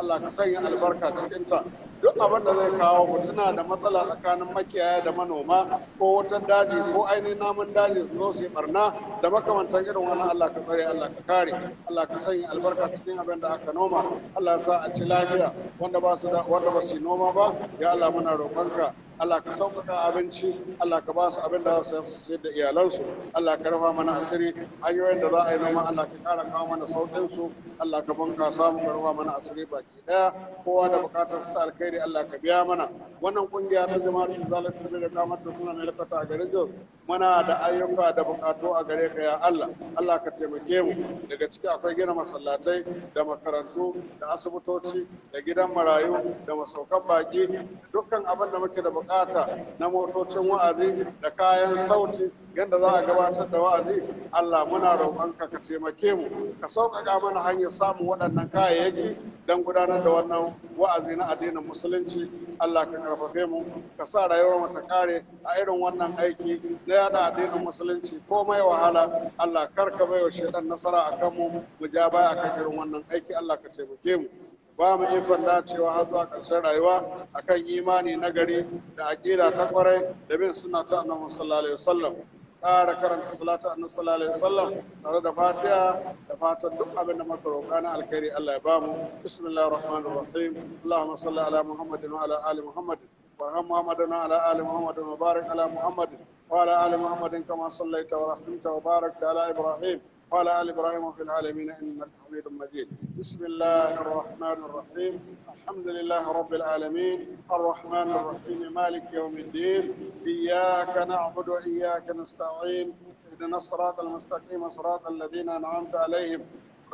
Allah ka sanya albarka cikin ta duk abin da zai kawo mutuna da matsala tsakanin makiyaya da manoma ko wata daji ko ainihin namun daji su zo su barna da makamantan irin wani, Allah ka tsare Allah ka kare Allah ka sanya albarka cikin abin da aka noma Allah sa a ci lafiya wanda ba su wanda ba su noma ba ya Allah muna roƙonka Allah ka sauƙaƙa abinci Allah ka ba su abin da za su sayar da iyalansu Allah ka rafa mana asiri hanyoyin da za a yi noma Allah ka ƙara kawo mana sauƙin su Allah ka bunka samu ka rafa mana asiri baki daya kowa da buƙatar su ta alkhairi Allah ka biya mana wannan kungiya ta ta zalatul da kamar ta suna na lakata a garin Jos muna da ayyuka da buƙatu a gare ka ya Allah Allah ka taimake mu daga ciki akwai gina masallatai da makarantu da asibitoci da gidan marayu da masaukan baki dukkan abin da muke da buƙata bukata na motocin wa'azi da kayan sauti yadda za a gabatar da wa'azi Allah muna roƙonka ka taimake mu ka sauƙaƙa mana hanyar samun waɗannan kayayyaki don gudanar da wannan wa'azi na addinin musulunci Allah ka karfafe mu ka sa rayuwar mu ta kare a irin wannan aiki na yada addinin musulunci Komai wahala Allah kar ka baiwa shaidan nasara akan mu mu ja baya akan irin wannan aiki Allah ka taimake mu ba mu ikon dacewa har zuwa ƙarshen rayuwa akan imani na gari da aƙida ta kwarai da bin suna ta annabi sallallahu alaihi wasallam ƙara karanta salatu annabi sallallahu alaihi wasallam tare da fatiha da fatan duk abin da muka roƙa na alkhairi Allah ya ba mu bismillahir rahmanir rahim allahumma salli ala muhammadin wa ala ali muhammadin وارحم wa على ال محمد wa على محمد muhammadin kama محمد wa صليت wa وباركت ala ibrahim. وعلى ال ابراهيم في العالمين انك حميد مجيد. بسم الله الرحمن الرحيم، الحمد لله رب العالمين، الرحمن الرحيم مالك يوم الدين، اياك نعبد واياك نستعين، اهدنا الصراط المستقيم صراط الذين انعمت عليهم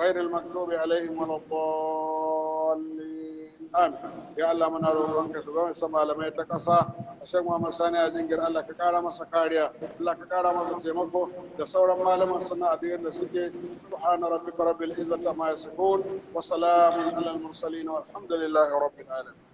غير المكتوب عليهم ولا الضالين. amin ya Allah muna roƙonka shugaban sa malamai ta ƙasa a shan Muhammad Sani a jingir Allah ka ƙara masa kariya Allah ka ƙara masa taimako da sauran malaman sana'a da da suke subhana rabbika rabbil izzati amma yasifun wa salamun alal mursalin walhamdulillahi rabbil alamin